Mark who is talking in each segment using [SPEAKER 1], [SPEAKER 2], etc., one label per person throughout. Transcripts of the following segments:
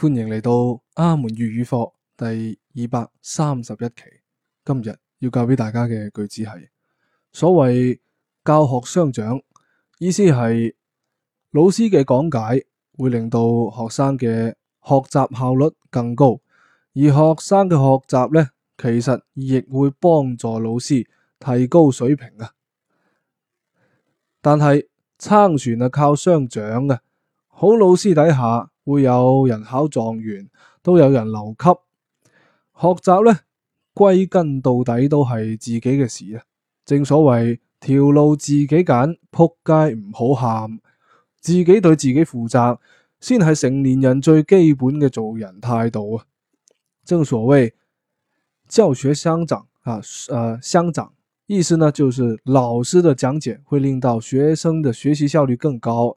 [SPEAKER 1] 歡迎嚟到阿門粵語課第二百三十一期。今日要教俾大家嘅句子係：所謂教學相長，意思係老師嘅講解會令到學生嘅學習效率更高，而學生嘅學習呢，其實亦會幫助老師提高水平啊。但係撐船啊，靠雙槳嘅好老師底下。會有人考狀元，都有人留級。學習呢，歸根到底都係自己嘅事啊！正所謂條路自己揀，扑街唔好喊，自己對自己負責，先係成年人最基本嘅做人態度啊！正所謂教學相長啊，誒、呃，相長意思呢，就是老師的講解會令到學生的學習效率更高。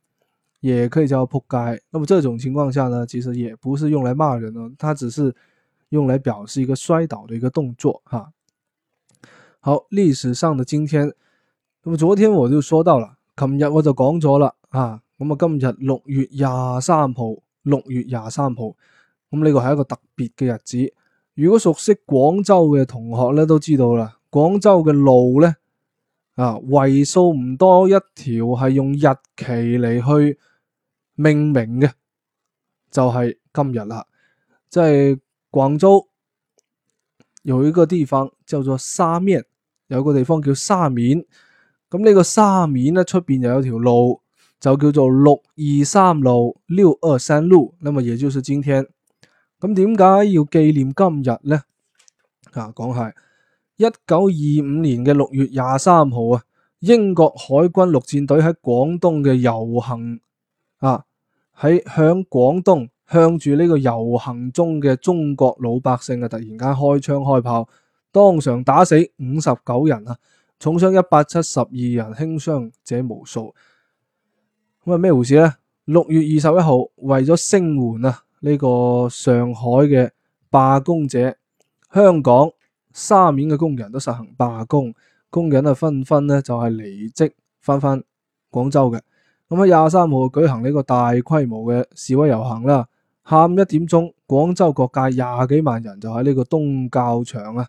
[SPEAKER 1] 也可以叫撲街，咁，這種情況下呢，其實也不是用來罵人咯，它只是用來表示一個摔倒的一個動作啊。好，歷史上的今天，咁昨天我就說到啦，琴日我就講咗啦，啊，咁啊今日六月廿三號，六月廿三號，咁呢個係一個特別嘅日子。如果熟悉廣州嘅同學咧都知道啦，廣州嘅路咧啊，為數唔多一條係用日期嚟去。命名嘅就係今日啦，即係廣州有一個地方叫做沙面，有個地方叫沙面，咁呢個沙面咧出邊又有條路就叫做六二三路，六二三路，咁啊，也就是今天，咁點解要紀念今日咧？啊，講係一九二五年嘅六月廿三號啊，英國海軍陸戰隊喺廣東嘅遊行啊。喺響廣東向住呢個遊行中嘅中國老百姓啊，突然間開槍開炮，當場打死五十九人啊，重傷一百七十二人，輕傷者無數。咁啊，咩回事呢？六月二十一號，為咗聲援啊呢個上海嘅罷工者，香港沙面嘅工人都實行罷工，工人啊紛紛呢，就係離職翻返廣州嘅。咁喺廿三號舉行呢個大規模嘅示威遊行啦，下午一點鐘，廣州各界廿幾萬人就喺呢個東教場啊，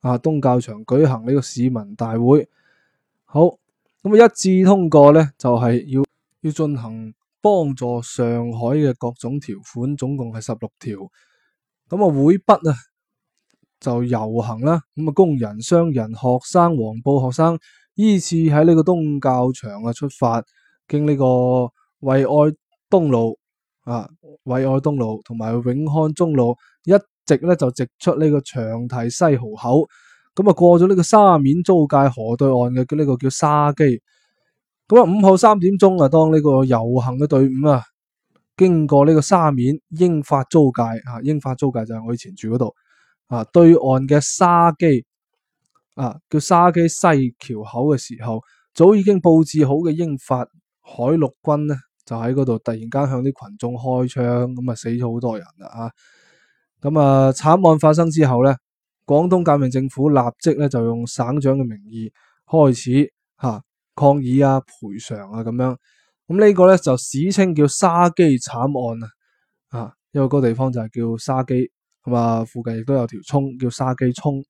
[SPEAKER 1] 啊東教場舉行呢個市民大會，好，咁啊一致通過呢，就係、是、要要進行幫助上海嘅各種條款，總共係十六條，咁啊會畢啊就遊行啦，咁啊工人、商人、學生、黃埔學生依次喺呢個東教場啊出發。經呢個惠愛東路啊，惠愛東路同埋永漢中路，一直咧就直出呢個長堤西濠口，咁啊過咗呢個沙面租界河對岸嘅，叫呢個叫沙基。咁啊，午後三點鐘啊，當呢個遊行嘅隊伍啊，經過呢個沙面英法租界啊，英法租界就係我以前住嗰度啊，對岸嘅沙基啊，叫沙基西橋口嘅時候，早已經布置好嘅英法。海陸軍咧就喺嗰度突然間向啲群眾開槍，咁啊死咗好多人啦吓、啊！咁啊慘案發生之後咧，廣東革命政府立即咧就用省長嘅名義開始吓、啊、抗議啊賠償啊咁樣。咁呢個咧就史稱叫沙基慘案啊啊，因為嗰個地方就係叫沙基，咁啊附近亦都有條涌叫沙基涌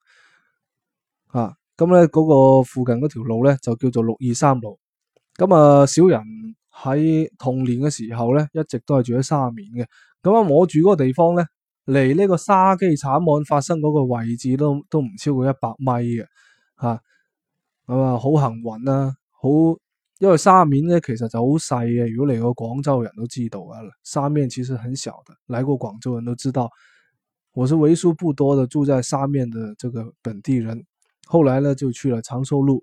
[SPEAKER 1] 啊。咁咧嗰個附近嗰條路咧就叫做六二三路。咁啊，小人喺童年嘅時候咧，一直都係住喺沙面嘅。咁啊，我住嗰個地方咧，離呢個沙基慘案發生嗰個位置都都唔超過一百米嘅。吓、啊，咁啊，好幸運啊，好，因為沙面咧其實就好細嘅，如果嚟過廣州人都知道啊。沙面其實很小的，嚟過廣州人都知道。我是為數不多的住在沙面的這個本地人，後來呢就去了長壽路。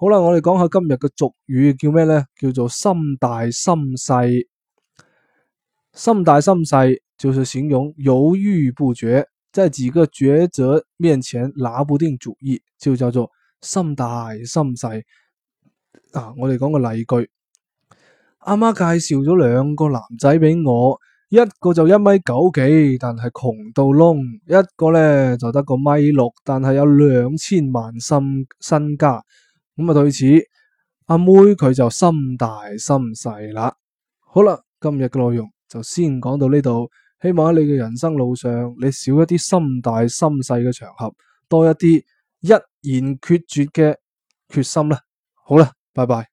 [SPEAKER 1] 好啦，我哋講下今日嘅俗語叫咩呢？叫做心大心細，心大心細就係形容猶豫不決，即係自己嘅抉擇面前拿不定主意，就叫做心大心細。嗱、啊，我哋講個例句，阿媽介紹咗兩個男仔俾我，一個就一米九幾，但係窮到窿；一個呢，就得個米六，但係有兩千萬身身家。咁啊，對此阿妹佢就心大心細啦。好啦，今日嘅內容就先講到呢度，希望喺你嘅人生路上，你少一啲心大心細嘅場合，多一啲毅然決絕嘅決心啦。好啦，拜拜。